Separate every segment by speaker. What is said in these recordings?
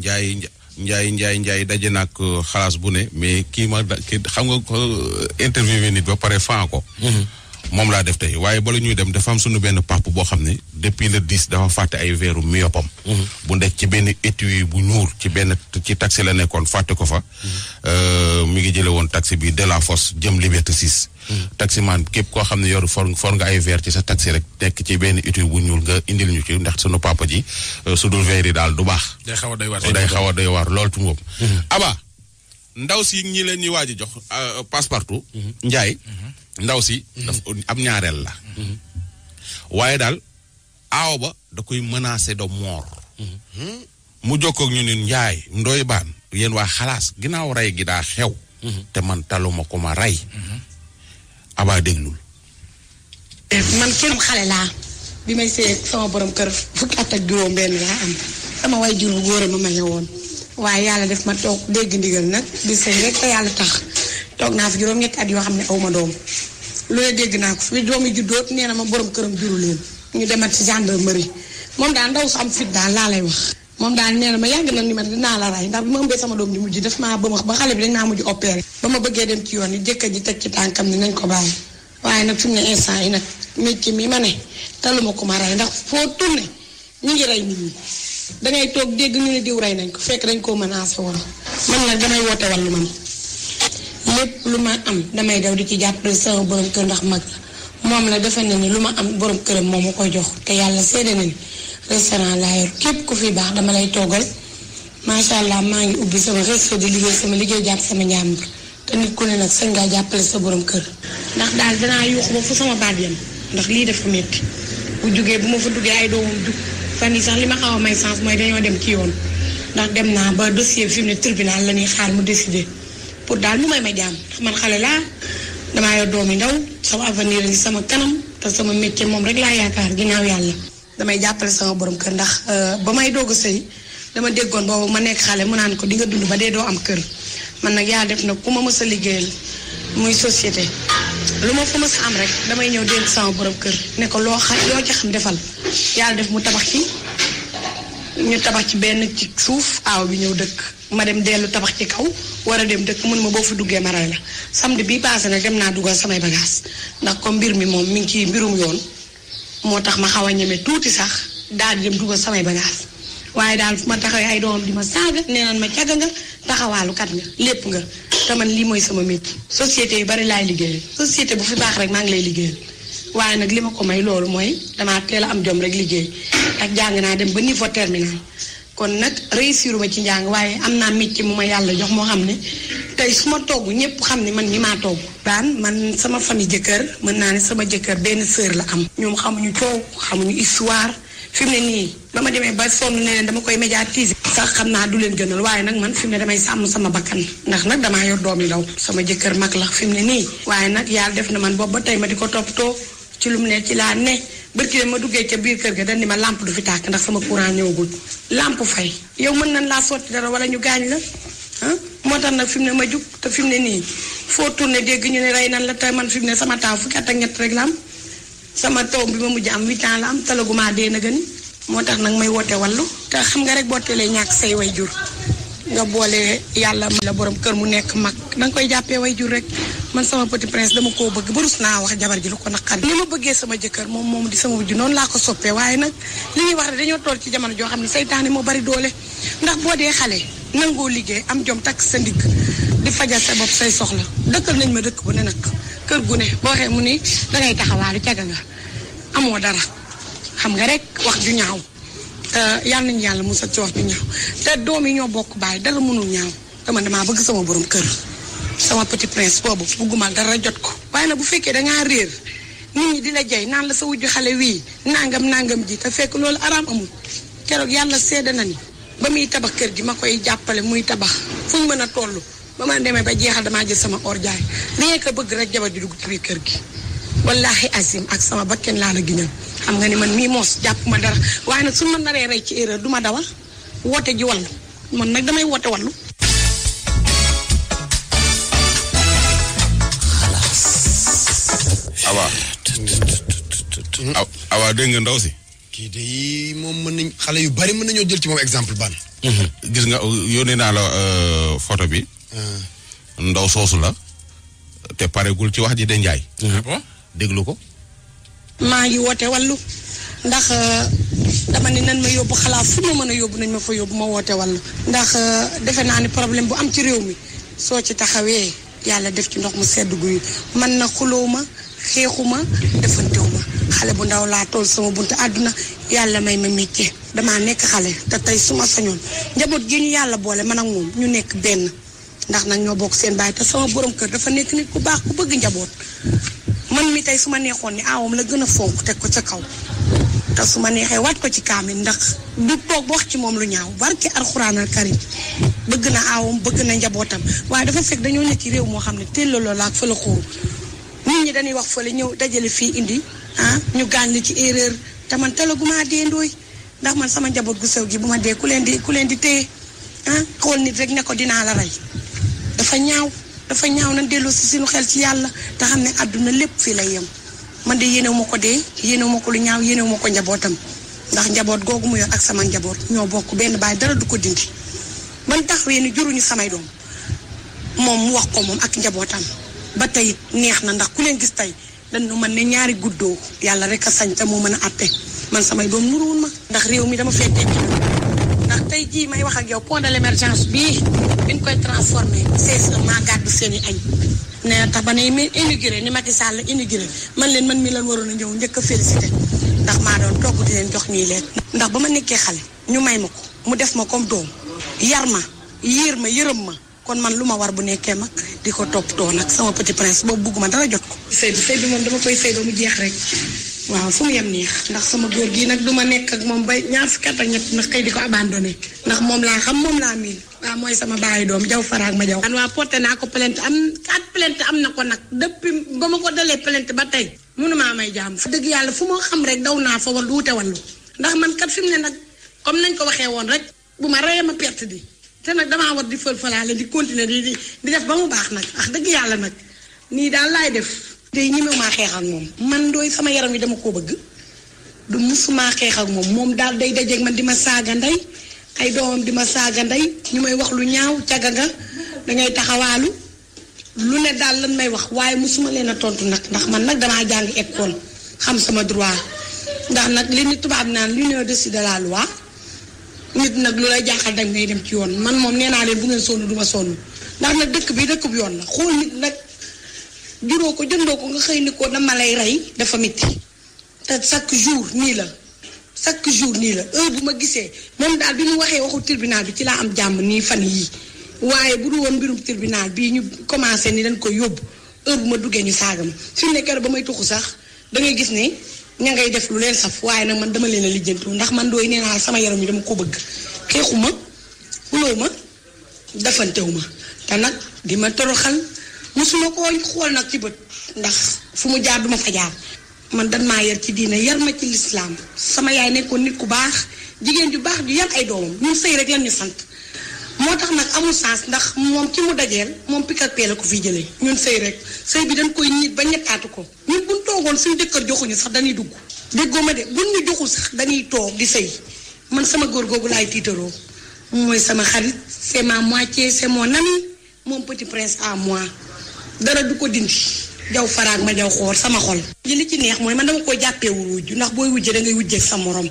Speaker 1: Ndiaye Ndiaye Ndiaye Ndiaye daje na ak euh, xalaas bu ne mais kii ma kii xam nga euh, interviewé nit ba pare fan ko. Mhm. moom laa def tey waaye bala ñuy dem dafa am suñu benn pape boo xam ne depuis le 10 dafa fàtte ay veeru myopam. Mhm. bu nekk ci benn étui bu ñuul ci benn ci taxi la nekkoon fàtte ko fa. mu mhm. euh, ngi jële woon taxi bi de la force jëm Liberté 6. taximaan képp koo xam ne yoru for for nga ay verre ci sa taxi rek nekk ci benn étude bu ñuul nga indil ñu ci ndax sunu papa ji euh, su dul verre yi daal du baax. day xaw a doy waar day xaw a doy waar lool ci moom. Mhm. Aba ndaw si ñi leen ñuy waaj a jox euh, passe partout. Mhm. Ndiaye mhm. ndaw si. daf ñaareel la. waaye daal aaw ba da koy mënaase de mort. mu jokkoog ñu ne Ndiaye ndoy baan yéen waa xalaas ginnaaw rey gi daa xew. te man taluma ko ma rey. abaa déglul.
Speaker 2: Eh, man kenn xale laa bi may see sama borom kër fukki at ak juróom benn laa am sama way jur bu góor ma maye woon waaye yàlla def ma toog dégg ndigal nag di sëy rek te yàlla tax toog naa fi juróom-ñetti at yoo xam ne aw ma doom loolee dégg naa ko fi doom yi juddoot nee na ma borom këram juru leen ñu demat ci gendarmerie moom daal ndaw su am fit daal laa lay wax. moom daal nee na ma yàgg na ni ma dinaa la rey ndax bi ma ëmbee sama doom ji mujj daf maa bëmax ba xale bi dañ maa mujj opéré ba ma bëggee dem ci yoon yi jëkkër ji teg ci tànkam ni nañ ko bàyyi waaye nag fi mu ne instant yi nag métier mi ma ne taluma ko ma rey ndax foo tourné ñu ngi rey nit ñi dangay toog dégg ñu ne diw rey nañ ko fekk dañ koo menacé woon man nag damay woote wàllu man lépp lu ma am damay daw di ci jàppale sama borom kër ndax mag moom la dafa ne ni lu ma am borom këram moom ma koy jox te yàlla seede na restaurant laa yor képp ko fi baax dama lay toggal macha allah maa ngi ubbi sama resto di liggéey sama liggéey jàpp sama njàmbur te nit ku ne ngaa jàppale sa borom kër. ndax daal danaa yuuxu ba fu sama baat yam ndax lii bu jugee bu ma fa duggee ay doomam fan yi sax li ma xaw a mooy dañoo dem ci yoon ndax dem ba dossier fi mu ne la ñuy xaar mu décider pour daal mu may jàmm ndax man xale laa damaa doom yi ndaw sama avenir ngi sama kanam te sama métier moom rek laa yaakaar ginnaaw yàlla. damay jàppale sama borom kër ndax euh, ba may doog a sëy dama déggoon boobu ma nekk xale mu naan ko di nga dund ba dee doo am kër man nag yaa def nag ku ma mës a liggéeyal muy société lu ma fa mës a am rek damay ñëw dénk sama borom kër ne ko loo xam loo ci xam defal yàlla def mu tabax ci ñu tabax ci benn ci suuf aw bi ñëw dëkk ma dem dellu tabax ci kaw war a dem dëkk mun ma boo fa duggee ma rey la samedi bi passé nag dem naa duggal samay bagage ndax ko mbir mi moom mi ngi ci mbirum yoon moo tax ma xaw a ñeme tuuti sax daal di dem dugal samay bagages waaye daal fu ma taxawee ay doom di ma saaga nee naan ma caga nga taxawaalukat nga lépp nga te man lii mooy sama métier. société yu bari laay liggéeyal société bu fi baax rek maa ngi lay liggéeyal waaye nag li ma ko may loolu mooy damaa teel a am jom rek liggéey ak jàng naa dem ba niveau terminal kon nag réussir ma ci njàng waaye am naa métier mu ma yàlla jox moo xam ne tey su ma togg ñëpp xam ne man ñi maa togg. daan man sama famille jëkkër mën naa ne sama jëkkër benn sœur la am. ñoom xamuñu coow xamuñu histoire fi mu ne nii ba ma demee ba sonn ne dama koy médiatiser. sax xam naa du leen gënal waaye nag man fi mu ne damay sàmm sama bakkan ndax nag damaa yor doom yi law sama jëkkër mag la fi mu ne nii. waaye nag yàlla def na man boobu ba tey ma di ko toppatoo ci lu mu ne ci laa ne. bërki ma duggee ca biir kër gi dañ ni ma làmp du fi tàkk ndax sama courant ñëwagul lampe fay yow mën nañ laa sotti dara wala ñu gaañ la ah moo tax nag fi mu ne ma jug te fi mu ne nii foo tourné dégg ñu ne rey nan la te man fi mu ne sama taaw fukki at ak ñett rek la sama taw bi ma mujj am huit la am talaguma dee gën moo tax nag may woote wallu te xam nga rek boo teelee ñàkk say way jur nga boole yàlla la borom kër mu nekk mag danga koy jàppee way jur rek. man sama petit prince dama koo bëgg ba rus naa wax jabar ji lu ko naqari ni ma bëggee sama jëkkër moom moom di sama wujju noonu laa ko soppee waaye nag li ñuy wax ne dañoo toll ci jamono joo xam ne seytaane moo bari doole ndax boo dee xale nangoo liggéey am jom takk sa ndigg di fajal sa bopp say soxla dëkkal nañ ma dëkk bu nag kër gu ne boo xee mu ni dangay taxawaalu caga nga amoo dara xam nga rek wax ju ñaaw yal nañu yàlla musal ci wax ju ñaaw te doom yi ñoo bokk bàyyi dara mënul ñaaw dama damaa bëgg sama borom kër sama petit prince boobu bugguma dara jot ko waaye nag bu fekkee dangaa réer nit ñi di la jay naan la sa wujju xale wii nangam nangam ji te fekk loolu araam amul keroog yàlla seede na ni ba muy tabax kër gi ma koy jàppale muy tabax fu ñu mën a toll ba ma demee ba jeexal damaa jël sama or jaay rien que bëgg rek jabar ji dugg ci kër gi wallahi azim ak sama bakken laa la giñal xam nga ni man mii moos jàpp ma dara waaye nag suñu ma naree rey ci erreur du ma dawal woote ji wallu man nag damay woote wallu
Speaker 1: awa awa dégg nga ndaw si
Speaker 3: kii de moom mën nañ xale yu bari mën nañoo jël ci moom exemple ban
Speaker 1: mhm. gis nga yónnee naa la euh, photo bi ah. ndaw soosu la te paregul ci wax ji de njaay mhm. ah déglu ko
Speaker 2: maa ngi woote wàllu ndax euh, dama ne nan ma yóbbu xalaat fu ma mën a yóbbu nañ ma fa yóbbu ma woote wàllu ndax euh, defe naa ni problème bu am ci réew mi soo ci taxawee yàlla def ci ndox mu sedd guy man na xuloo ma xeexuma defantewuma xale bu ndaw laa tool sama bunt àdduna yàlla may ma métier damaa nekk xale te tey suma sañoon njaboot gi ñu yàlla boole man ak moom ñu nekk benn ndax nag ñoo bokk seen baay te sama borom kër dafa nekk nit ku baax ku bëgg njaboot man mi tey su ma neexoon ni aawam la gën a fonk teg ko ca kaw te su ma neexee waat ko ci kaamil ndax du toog wax ci moom lu ñaaw barke alxuraanal karim bëgg na aawam bëgg na njabootam waaye dafa fekk dañoo ci réew moo xam ne teel loolu la ak nit ñi dañuy wax fële ñëw dajale fii indi ah ñu gaañ li ci erreur te man talaguma dee ndooy ndax man sama njaboot gu sew gi bu ma dee ku leen di ku leen di téye ah xool nit rek ne ko dinaa la rey dafa ñaaw dafa ñaaw na delloo si suñu xel ci yàlla te xam ne àdduna lépp fii lay yem man de yéenewu ma ko dee yéenewu ko lu ñaaw yéenewu ma ko njabootam ndax njaboot googu mu yor ak sama njaboot ñoo bokk benn baay dara du ko dindi man tax ni juruñu samay doom moom mu wax ko moom ak njabootam. ba tey neex na ndax ku leen gis tey dañu man ne ñaari guddoo yàlla rek a sañ te moo mën a atte man samay doom nuruwun ma ndax réew mi dama fekkee ndax tey jii may wax ak yow pont de bii bi ñu koy transformé c'est ma gàddu seen i añ ne tax ba ne inauguré ni Macky Sall inauguré man leen man mi lan waroon a ñëw njëkk a félicité ndax maa doon togg di leen jox nii leen ndax ba ma nekkee xale ñu may ma ko mu def ma comme doom yar ma yiir ma yërëm ma kon man lu ma war bu nekkee mag di ko toppatoo nag sama petit prince boobu bëgguma dara jot ko. sëy bi sëy bi moom dama koy sëy ba mu jeex rek. waaw fu mu yem ndax sama góor gii nag du ma nekk ak moom bay ñaar fukki at ak ñett xëy di ko abandonné ndax moom laa xam moom laa miin waaw mooy sama bàyyi doom jaw faraag ma jaw an waa porté naa ko plainte am at plainte am na ko nag depuis ba ma ko dalee plainte ba tey munu maa may jaam fu dëgg yàlla fu ma xam rek daw naa fa wal wuute wallu ndax man kat fi mu ne nag comme nañ ko waxee woon rek bu ma reyee ma perte di te nag damaa war di fël-fëlaale di continuer di di def ba mu baax nag wax dëgg yàlla nag nii daal laay def. tey ñi maa xeex moom man dooy sama yaram wi dama koo bëgg du musumaa xeex moom moom daal day dajeeg man di ma saaga ndey ay doomam di ma saaga ndey ñu may wax lu ñaaw caga nga dangay taxawaalu lu ne daal lan may wax waaye musuma leen a tontu nag ndax man nag damaa jàng école xam sama droit ndax nag li ñu tubaab naan lu au-dessus de waa nit nag lu lay jaaxal da ngay dem ci yoon man moom nee naa leen bu ngeen sonn du ma sonn ndax nag dëkk bi dëkk bu yoon la xool nit nag juróo ko jëndoo ko nga xëy ni ko dama lay rey dafa métti te chaque jour nii la chaque jour nii la heure bu ma gisee moom daal bi mu waxee waxu tribunal bi ci laa am jàmm nii fan yii waaye bu dul woon mbirum tribunal bii ñu commencé ni dañ koy yóbbu heure bu ma duggee ñu saaga ma fi mu ba may tuxu sax dangay gis ne. ña ngay def lu leen saf waaye nag man dama leen a lijjantiwul ndax man dooy nee naa sama yaram yi dama ko bëgg xeexuma xuloo ma dafantewu ma te nag di ma toroxal suma koo xool nag ci bët ndax fu mu jaar duma fa jaar man dan maa yar ci diina yar ma ci lislaam sama yaay nekkoon nit ku baax jigéen ju baax ju yar ay doomam ñun sëy rek lan ñu sant moo tax nag amul sens ndax moom ki mu dajeel moom pikal pee la ko fi jëlee ñun sëy rek sëy bi dañ koy ñiit ba ñettaatu ko toogoon suñu jëkkër joxuñu sax dañuy dugg déggoo ma de buñ ñu joxul sax dañuy toog di sëy man sama góor googu laay tiitaroo mooy sama xarit c'est mois moitié c'est mon moom mon petit prince à mois dara du ko dindi jaw faraag ma jaw xoor sama xol li ci neex mooy man dama ko jàppeewul wujj ndax booy wujje dangay wujjeek sa morom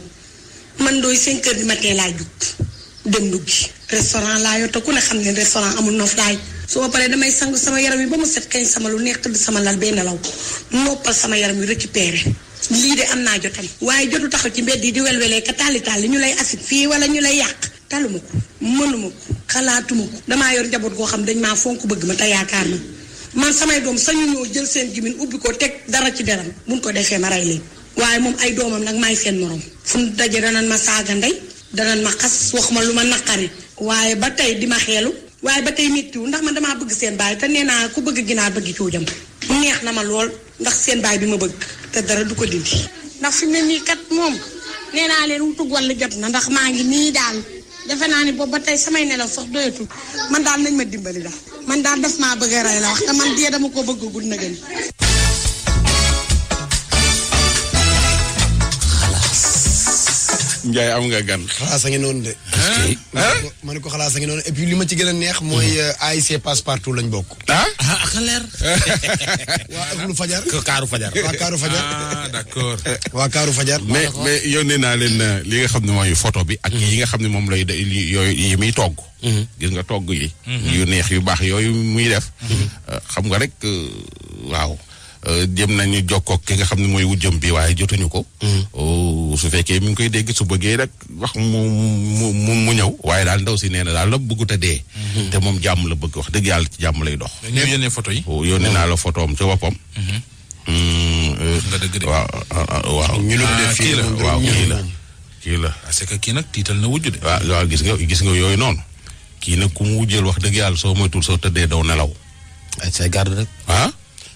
Speaker 2: man dooy cinq heures du matin laa jug dem duggi restaurant laa yor te ku ne xam ne restaurant amul noflaay soo paree damay sang sama yaram yi ba mu set kañ sama lu nekk sama lal benn law noppal sama yaram yi récupéré lii de am naa jotam waaye jotu taxaw ci mbedd yi di welwelee ka taali taali ñu lay asib fii wala ñu lay yàq taluma ko mënuma ko xalaatuma ko damaa yor njaboot goo xam dañ maa fonk bëgg ma te yaakaar na man samay doom sañu jël seen gimin ubbi ko teg dara ci deram buñ ko defee ma rey leen waaye moom ay doomam nag may seen moroom fu mu daje danan ma saaga ndey danan ma xas wax ma lu ma naqari waaye ba tey di ma xeelu waaye ba tey méttiwu ndax man damaa bëgg seen baay te neenaa ku bëgg ginaa bëgg cuujam neex na ma lool ndax seen baay bi ma bëgg te dara du ko dindi. ndax fi ne nii kat moom nee naa leen wutug la jot na ndax maa ngi nii daal defe naa ni boobu ba tey samay nelaw sax doyatul man daal nañ ma dimbali daal man daal def maa bëgg a rey la wax te man dee dama ko bëgg gudd na gën.
Speaker 1: Njaay am nga gan. xalaas a ngi noonu de.
Speaker 3: ma ne ko xalaat sa ngi noonu et li ma ci gën a neex mooy mm. euh, AIC passe partout lañ bokk. ah ah xaleer.
Speaker 1: waa Kaaru Fajar. waa Kaaru Fajar. ah waa Kaaru Fajar. mais mais yónnee naa leen euh, li nga xam ne mooyu photo bi. ak yi nga xam ne moom lay yooyu yi muy togg. Mm-hmm. gis nga togg yi. Mm-hmm. yu neex yu baax yooyu muy def. Mm-hmm. Euh, xam nga rek waaw. Euh, jëm nañu jokkoog ki nga xam ne mooy wujjëm bi waaye jotuñu ko. Mm. Oh, su fekkee mi ngi koy dégg su bëggee rek wax mu mu ñëw waaye daal ndaw si nee na daal la bëggu tëddee mm-hmm. te moom jàmm la bëgg wax dëgg yàlla ci jàmm lay dox. mais ñu yónnee photo yi. Oh, yónnee ca boppam. Mm-hmm. Mm, ah, ah, ah, waaw ñu def fii la kii la kii la. parce mm-hmm. que kii nag tiital na wujj de. waaw gis nga gis nga yooyu noonu. kii nag ku mu wujjal wax dëgg yàlla soo moytul soo tëddee daw nelaw.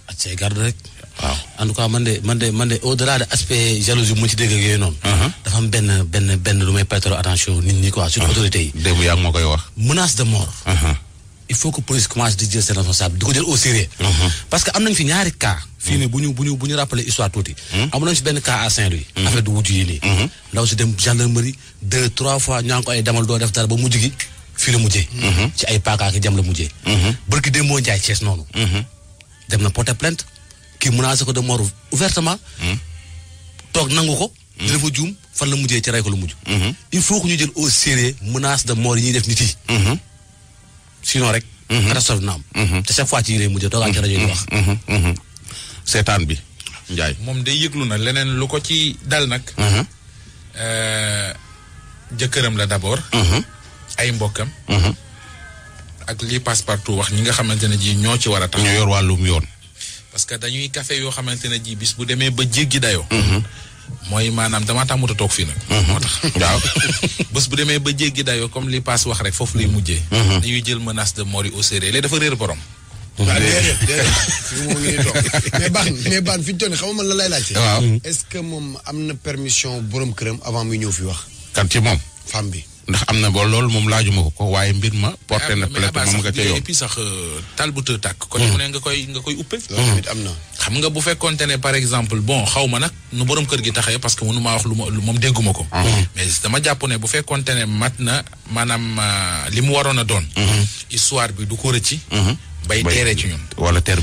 Speaker 4: ak see garde rek. waaw en man de man de man de au delà de uh-huh. benn benn benn lu may prêter attention nit ñi quoi. surtout uh-huh. autorités
Speaker 1: yi. démb yaa ngi ma koy wax.
Speaker 4: menace de mort. Uh-huh. il du ko ay demal doo def dara ba mujj gi fii la mujjee. ci ay paaka jam la mujjee. barki démboo Njaay Cees noonu. dem na porter plainte kii menacé ko de mort ouvertement hmm. toog nangu ko hmm. dina fa juum fan la mujjee ci rey ko la mujj hmm. il faut que ñu jël au sérieux menace de mort yi ñuy def nit yi sinon rek catastrophe na am te chaque fois ci yi lay mujjee toogaa ci rajo di wax
Speaker 1: seetaan bi Njaay moom day yëglu na leneen lu ko ci dal nag euh, jëkkëram la d'abord ay mbokkam ak lii passe partout wax ñi nga xamante ne ji ñoo ci war a tax ñu yor wàllum yoon parce que dañuy café yoo xamante ne ji bis bu demee ba jéggi dayoo mm-hmm. mooy maanaam damaa tax moto toog fii nag mm-hmm. moo tax waaw bés bu demee ba jéggi dayoo comme li passe wax rek foofu lay mm-hmm. mujjee dañuy jël menace de mort yi au sérieux léegi dafa réer borom waaw ah, déedéet
Speaker 3: mais baax mais baax fi ñu toll xam nga la lay laaj laajte waaw est-ce que moom am na permission
Speaker 1: borom këram avant muy ñëw fi wax kan ci moom femme bi ndax am na ba loolu moom laajuma ko waaye mbir ma. porté na ah, plainte moom nga ca yoon mais sax euh, taal bu tëj tàkk. kon mm. am na. xam nga bu fekkonte ne par exemple bon xaw ma nag nu borom kër gi taxee parce que mënu maa wax lu ma moom dégguma ko. Mm. Mm. mais dama jàpp ne bu fekkonte ne mat na maanaam euh, li mu waroon a doon. Mm-hmm. bi du ko rëcci. Mm-hmm. bay teeree ci ñun. wala ter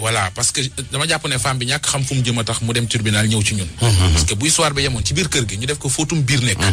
Speaker 1: wala parce que dama jàpp ne femme bi ñàkk xam fu jëm a tax mu dem tribunal ñëw ci ñun. Mm-hmm. parce que bu histoire bi yemoon ci biir kër gi ñu def ko fóotum biir nekk.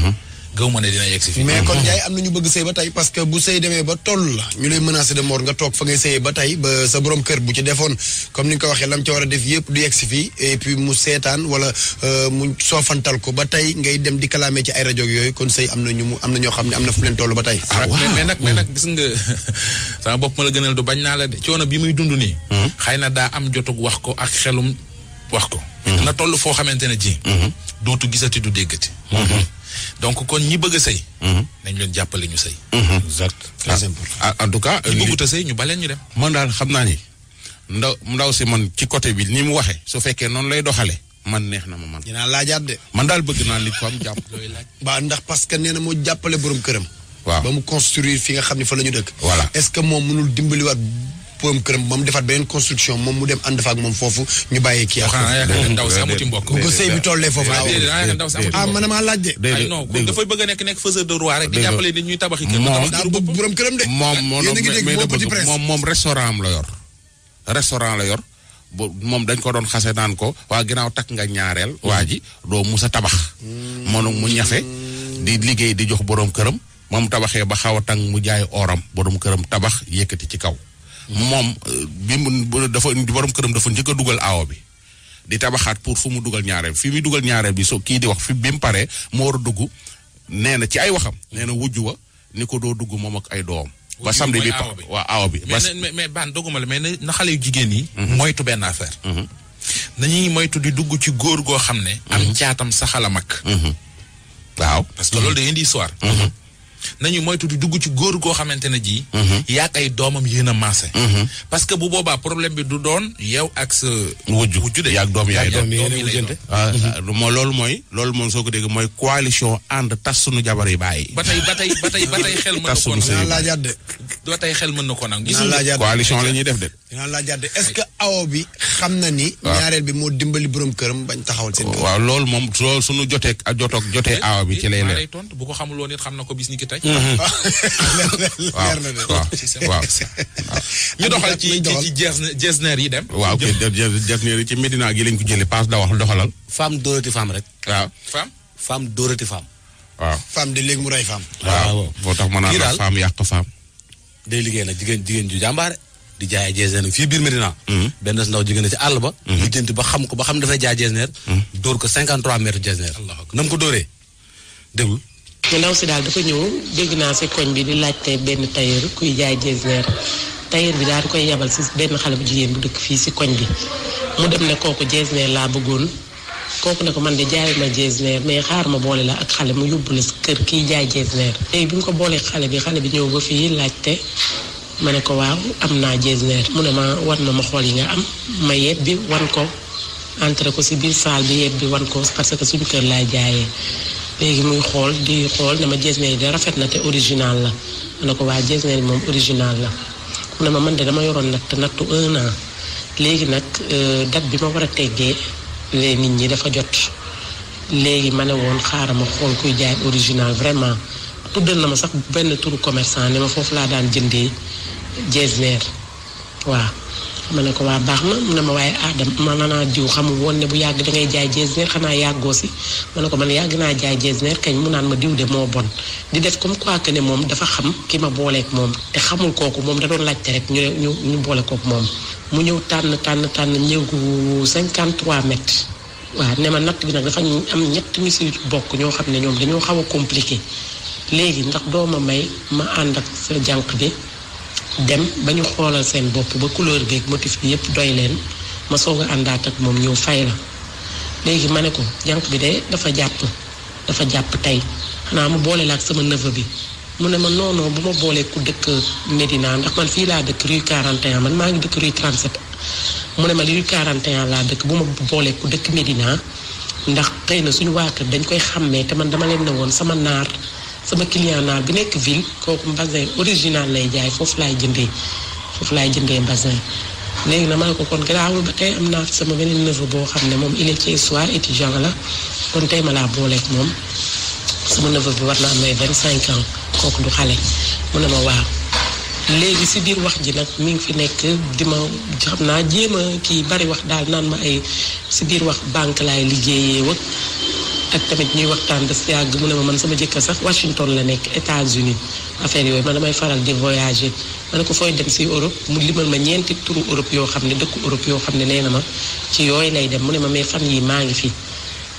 Speaker 1: gëw ma ne dina yegg fii. mais kon Ndiaye mhm.
Speaker 3: am na ñu bëgg sëy ba tey parce que bu sëy demee ba toll la ñu lay menacé de mort nga toog fa ngay sëyee ba tey ba sa borom kër bu ci defoon comme ni nga ko waxee lam ca war a def yëpp du yegg si fii mu seetaan wala euh, mu soofantal ko ba tey ngay dem di kalaamee ci ay rajo yooyu kon sëy am na ñu mu am na ñoo xam ne am na fu leen toll ba tey. ah mais nag mais mm. nag
Speaker 1: gis nga sama bopp ma la gënal du bañ naa la de coono bi muy dund nii. Mm. xay na daa am jotug wax ko ak xelum wax ko. Mm. toll foo xamante ne ji. Mm-hmm. dootu gisati du déggati. Mm-hmm. donc kon ñi bëgg a sëy mhm. nañ leen jàppale ñu sëy mhm. exact a ah. important ah, en tout a sëy ñu baleen ñu dem man daal xam naa ni ndaw ndaw si man ci côté bi ni mu waxee su fekkee noonu lay doxale man neex na ma man dinaa laajaat de man daal bëgg naa nit ko am jàpp looy laaj ba ndax parce que na moo jàppale borom këram waaw ba mu construire
Speaker 3: fi nga xam ne fa la dëkk voilà est moom mënul dimbaliwaat poëm këram moom defar beneen construction moom mu dem ànd fa ak moom foofu ñu bàyyee kii ak ndaw si amuti mbokk bu ko sëy bi tollee foofu ah man maa laaj de non
Speaker 1: dafay bëgg a nekk nekk faiseur de roi rek di jàppale ni ñuy tabaxi kër borom këram de moom moom restaurant am la yor restaurant la yor bu moom dañ ko doon xase naan ko waa ginnaaw takk nga ñaareel waa ji doo musa tabax hmm. moom mu ñafe di liggéey di jox borom këram moom tabaxee ba xaw a tàng mu jaay oram borom këram tabax yëkkati ci kaw moom bi mu dafa borom këram dafa njëkk a dugal aawo bi di tabaxaat pour fu mu dugal ñaareel fi muy dugal ñaareel bi soo kii di wax fi bi mu paree mu war a dugg nee na ci ay waxam nee na wujju wa ni ko doo dugg moom ak ay doom ba samedi bi waa aawo bi mais mais baan dogguma la mais na xale yu jigéen yi mhm. moytu benn affaire mhm. nañuy moytu di dugg ci góor goo xam ne am mhm. caatam saxala mag waaw parce que loolu day indi histoire nañu moytu di dugg ci góor goo xamante ne ji. Mhm. yaa kay doomam yéen a maase. Mhm. parce que bu boobaa problème bi du doon yow ak sa. wujju wujju de yaa ak doom yaay doom yi wujjante ah, ah, moo loolu mooy. loolu moom soo ko dégg mooy coalition ànd tas sunu jabar yi bàyyi. ba tey ba tey ba tey ba tey xel mën na ko. tas sunu sëy ba tey xel mën na ko nag. gis nga coalition la ñuy def de. dinaa laa jàdde est-ce que
Speaker 3: awo bi xam na ni. ñaareel bi moo dimbali borom këram bañ taxawal si kër.
Speaker 1: waaw loolu moom loolu suñu jotee ak jotoog jotee awo bi ci lay leer. bu ko xamul woon it xam na ko bis ni ki tey. Mhm. leer na de waaw waaw. ñu doxal ci ci jeesneer yi dem. waaw ok jeesneer yi ci Medina gi lañ ko jëlee paas da wax doxalal. femme dóorati femme rek. waaw femme. femme dóorati femme. waaw
Speaker 4: femme de léegi mu rey femme.
Speaker 1: waaw moo tax ma naan la femme yàq femme.
Speaker 4: day liggéey nag jigéen jigéen ju jàmbaare. di jaay jeeseneer fii biir Medina. Mhm. benn ndaw jigéen na ci àll ba. lijjanti mhm. ba xam ko ba xam dafay jaay jeeseneer. Mhm. dóor ko 53 mètres jeeseneer. na mu ko dóoree déglu.
Speaker 5: si daal dafa ñëw dégg naa si koñ bi di laajte benn tailleur kuy jaay jeeseneer tailleur bi daal koy yabal si benn xale bu jigéen bu dëkk fii si koñ bi mu dem ne kooku jeeseneer laa bëggoon. kooku ne man de jaay ma jeesneer mais xaar ma boole la ak xale mu yóbbu la si kër kii jaay jeesneer léegi bi mu ko boolee xale bi ñëw ba fii laajte ma ne ko waaw am naa jesner mu ne ma war na ma xool yi nga am ma yeb bi wan ko entré ko si biir salle bi yeb bi wan ko parce que suñu kër laay jaayee léegi muy xool di xool dama jesner yi da rafet na te original la ne ko waa jesner bi moom original la mu ne ma man de dama yoroon natt nattu un an léegi nag euh, date bi ma war a teggee nit ñi dafa jot léegi ma ne woon xaaral ma xool kuy jaay original vraiment tuddal na ma sax benn tour commerçant ne ma foofu laa daan jëndee Getzner waaw ma ne ko waa baax na mu na ma waaye Adam ah, man naa diw xamul woon ne bu yàgg dangay jaay Getzner xanaa yàggoo si ma ne ko man yàgg naa jaay jees Getzner kañ mu naan ma diw de moo bon di def comme quoi que ne moom dafa xam ki ma booleek moom te xamul kooku moom da doon rek ñu ñu ñu boole kooku moom mu ñëw tànn tànn tànn ñëw gu 53 mètres. waaw ne ma natt bi nag dafa am ñett ñu si bokk ñoo xam ne ñoom dañoo xaw a compliqué léegi ndax doo ma may ma ànd ak sa jànq bi. dem ba ñu xoolal seen bopp ba couleur beeg motif bi yëpp doy leen ma soog àndaat ak moom ñëw fay la léegi ma ne ko jànq bi de dafa jàpp dafa jàpp tey xanaa mu boole ak sama neveu bi mu ne ma non non bu ma boolee ku dëkk Médina ndax man fii laa dëkk rue 41 man maa ngi dëkk rue 37 mu ne ma rue 41 laa dëkk bu ma boolee ku dëkk Médina ndax xëy na suñu waa dañ koy xàmmee te man dama leen ne woon sama naar. sama client naa bi nekk ville kooku basin original lay jaay foofu laay jëndee foofu laay jëndee basin léegi na ma ne ko kon garaawul ba tey am naa sama beneen neveu boo xam ne moom il est thiessois étudiant la kon tey ma laa booleeg moom sama neveu bi war naa am ay vingt cinq ans kooku du xale mu ne ma waaw léegi si biir wax ji nag mi ngi fi nekk di ma xam naa jéem a kii bari wax daal naan ma ay si biir wax banque laay liggéeyee wëkk ak tamit ñuy waxtaan si àgg mu ne ma man sama jëkkër sax Washington la nekk États-Unis affaire yooyu ma damay faral di voyager ma ne ko fooy dem si Europe mu limal ma ñeenti turu Europe yoo xam ne dëkku Europe yoo xam ne nee na ma yooyu lay dem mu ne ma mais fan yi maa ngi fi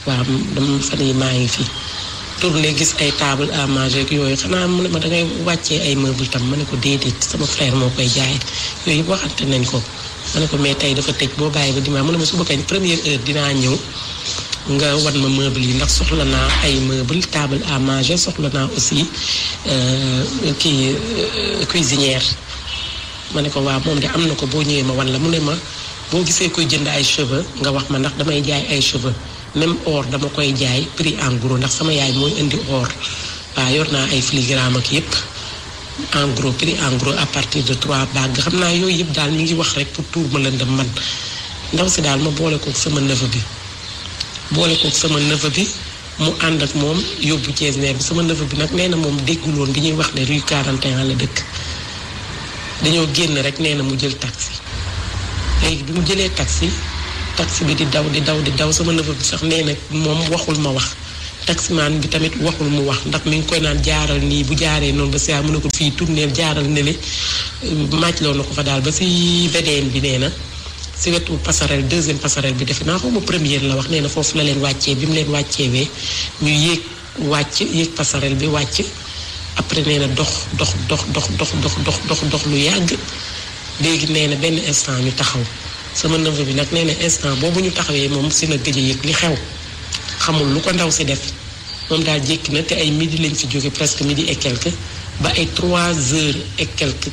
Speaker 5: waaw dama fan yi maa ngi fi tourné gis ay table à yooyu xanaa mu ne ma dangay wàccee ay meuble tam ma ne ko déedéet sama frère moo koy jaay yooyu waxante nañ ko ma ne ko ma tey dafa tëj boo bàyyi ba dimanche mu ne ma suba kañ première heure dinaa ñëw nga wan ma meuble yi ndax soxla naa ay meuble table à manger soxla naa aussi euh, kii euh, cuisinière ma ne ko waa moom de am na ko boo ñëwee ma wan mu ne ma boo gisee koy jënd ay cheveux nga wax ma ndax damay jaay ay cheveux même or dama koy jaay pris en ndax sama yaay mooy indi or waaw yor naa ay filigrane ak yépp en gros prix à partir de trois bagues xam naa yooyu yëpp daal mi ngi wax rek pour tuur ma lëndam man ndaw si daal ma boole ko sama neveu bi. boole kook sama neveu bi mu ànd ak moom yóbbu Thiès neer bi sama neveu bi nag nee na moom dégguloon bi ñuy wax ne rue 41 la dëkk dañoo génn rek nee na mu jël taxi léegi bi mu jëlee taxi taxi bi di daw di daw di daw sama neveu bi sax nee na moom waxul ma wax taximaan bi tamit waxul mu wax ndax mi ngi koy naan jaaral nii bu jaaree noonu ba si mu ne ko fii tourneel jaaral nele màcc loo na ko fa daal ba si VDN bi nee na si wetu passerelle deuxième passerelle bi defe naa xawma première la wax nee na foofu la leen wàccee bi mu leen wàccee wee ñu yéeg wàcc yéeg passerelle bi wàcc après nee na dox dox dox dox dox dox dox dox dox lu yàgg léegi nee na benn instant ñu taxaw sama neveu bi nag nee na instant boobu ñu taxawee moom si la gëj a yëg li xew xamul lu ko ndaw si def moom daal jékki na te ay midi lañ si jóge presque midi et quelque ba ay trois heures et quelque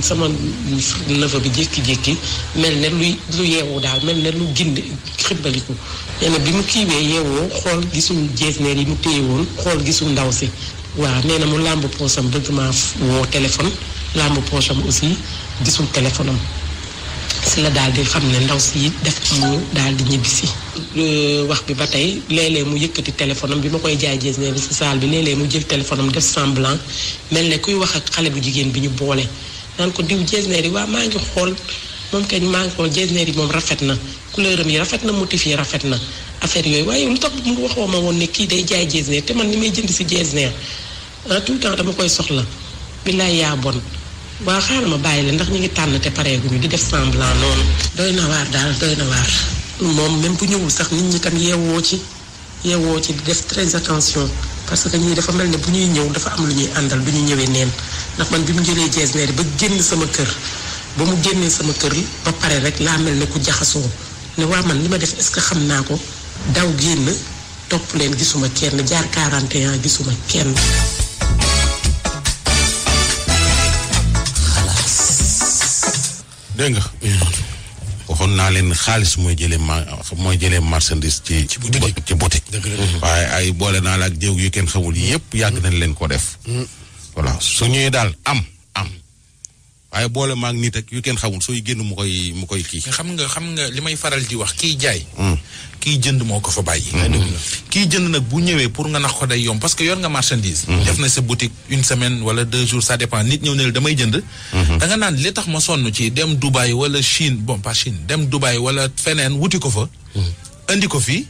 Speaker 5: sama nëfa bi jékki-jékki mel ne lu yeewu daal mel ne lu ginde xibbaliku nee bi mu kiiwee yeewoo xool gisul jeesneer yi mu téye woon xool gisul ndaw si waaw nee na mu làmb poosam bëgg maa woo téléphone làmb poosam aussi gisul téléphone am si la daal di xam ne ndaw si def ñu daal di ñibbisi euh, wax bi ba tey léeg mu yëkkati téléphone bi ma koy jaay jees ne bi si saal bi léeg mu jël téléphone am def semblant mel ne kuy wax ak xale bu jigéen bi ñu boole naan ko diw jeesneer yi waa maa ngi xool moom kañ maa ngi xool jeesneer yi moom rafet na couleur am yi rafet na motif rafet na affaire yooyu waaye lu tax mu waxoo ma woon ne kii day jaay jeesneer te man ni may jënd si jeesneer ah, tout le temps dama koy soxla billaay yaa bon waa xaaral ma bàyyi la ndax ñu ngi tànn te pareeguñu di def semblant noonu. doy na waar daal doy na waar moom même bu ñëwul sax nit ñi tam yeewoo ci yeewoo ci di def très attention. parce que ñii dafa mel ne bu ñuy ñëw dafa am lu ñuy àndal du ñu ñëwee neen ndax man bi mu jëlee jees neeri ba génn sama kër ba mu génnee sama kër ba pare rek laa mel ne ku jaxasoo ne waa man li ma def est-ce que xam naa ko daw génn topp leen gisuma kenn jaar 41 gisuma kenn.
Speaker 1: waxoon naa leen xaalis mooy jëlee ma mooy jëlee marchandise ci. ci boutique ci boutique. waaye ay boole naa la ak jéego yu kenn xamul yëpp yàgg nañ leen ko def. Mm. voilà su ñuy daal am am. waaye boole maag nit ak yu kenn xamul sooy génn mu koy mu koy kii. xam nga xam nga li may faral di wax kiy jaay. Hmm. kiy jënd moo ko fa bàyyi. Hmm. kiy jënd nag bu ñëwee pour nga nax ko day yoom parce que yor nga marchandise. Hmm. def na sa boutique une semaine wala deux jours sa dépend nit ñëw ne la damay jënd. da nga naan li tax ma sonn ci dem Dubaï wala Chine bon pas Chine dem Dubaï wala feneen wuti ko fa. indi ko fii.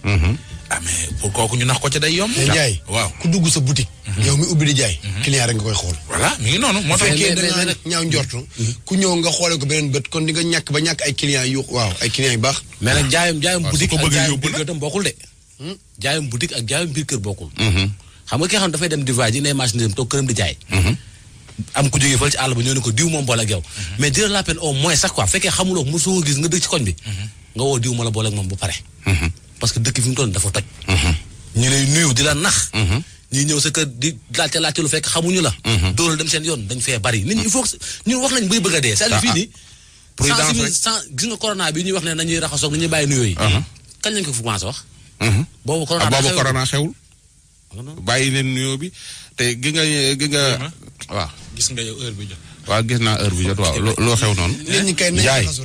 Speaker 1: ah mais pour ñu nax ko ca day yomb. te waaw
Speaker 3: ku dugg sa boutique.
Speaker 1: Mhm. yow mi ubbi di jaay. Mhm. client koy xool. voilà ngi noonu moo tax. mais mais nag ñaaw njortu. Mhm.
Speaker 3: ku nga xoolee ko beneen bët kon di nga ñàkk ba ñàkk ay clients yu waaw
Speaker 4: ay clients yu baax. mais nag jaayam jaayam hmm? boutique ak jaayam biir kër tam bokkul de. jaayam boutique ak jaayam biir kër xam nga ki xam dafay dem di voyage yi ne machine dem toog këram di jaay. am ku jógee fële moom boole ak mais jël la peine au moins sax quoi fekkee xamuloo mosoo gis nga dëkk ci koñ bi. nga woo diw ma la boole moom bu pare. parce que dëkk fi mu doon dafa toj. Mhm. ñu lay nuyu di la nax. Mhm. ñuy ñëw sa kër di laajte laajte lu fekk xamuñu la. Mhm. doole dem seen yoon dañ fee bari. nit ñi il faut ñun wax nañ bay bëgg a dee. c'est-à-dire ah, fii ah. nii. président gis nga corona bi ñuy wax ne nañuy raxasoog nañuy bàyyi nuyoo yi. kañ lañ ko commencé wax. boobu corona ah, boobu corona
Speaker 1: xewul. bàyyi leen nuyo bi te gi nga gi nga. waaw gis nga yow heure bi jot. waaw naa heure bi jot loo xew noonu. nit ñi kay nañu raxasu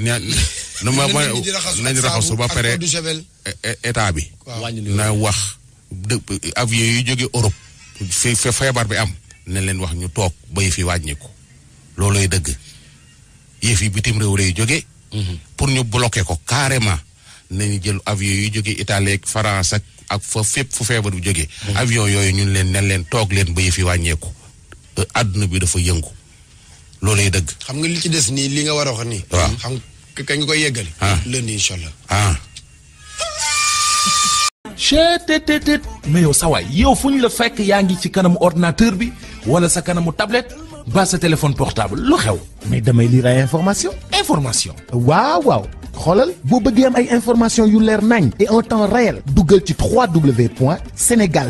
Speaker 1: nañ raxasu ba pare e, e, état bi. na wax dë avion yu jóge Europe. fi feebar bi am. nañ leen wax ñu toog ba yëf yi wàññiku loolooy dëgg yëf yi bitim réew lay jóge mhm. pour ñu bloquer ko carrément. nañu jël avion yuy jóge Italie ak France ak ak fa fépp fu feebar bi jóge mhm. avion yooyu ñun leen nen leen toog leen ba yëf yi wàññeeku. àdduna bi dafa yëngu. loolay dëgg.
Speaker 3: xam nga li ci des nii li nga war a wax nii.
Speaker 1: waaw xam nga kañ nga koy yeggali. Ah. lundi incha allah. ah. chetetetet mais yow sawaay yow fu ñu la fekk yaa ngi ci kanamu ordinateur bi wala sa kanamu tablette ba sa téléphone portable lu xew. mais damay lire ay information information. waaw waaw. xoolal boo bëggee am ay information yu leer nañ et en temps réel duggal ci wwwsenegal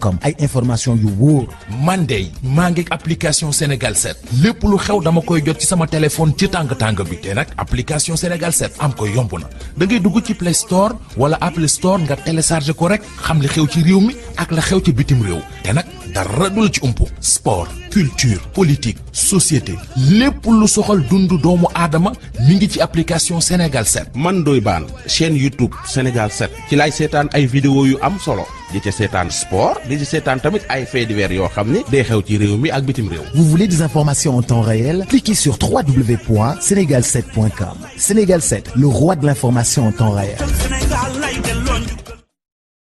Speaker 1: comme ay information yu wóor man de maa ngi application Sénégal 7 lépp lu xew dama koy jot ci sama téléphone ci tàng tàng bi te nag application Sénégal 7 am ko yomb na da ngay dugg ci Play Store wala Apple Store nga télécharge ko rek xam li xew ci réew mi ak la xew ci bitim réew te nag dara du la ci umpu sport culture politique société lépp lu soxal dundu doomu aadama mi ngi ci application Sénégal 7 man doy baan chaîne YouTube Sénégal 7 ci laay seetaan ay vidéo yu am solo di ci seetaan sport di ci seetaan tamit ay faits divers yoo xam ni day xew ci réew mi ak bitim réew. Vous voulez
Speaker 3: des informations en temps réel? Cliquez sur www.senegal7.com. Sénégal 7, le roi de l'information en temps réel.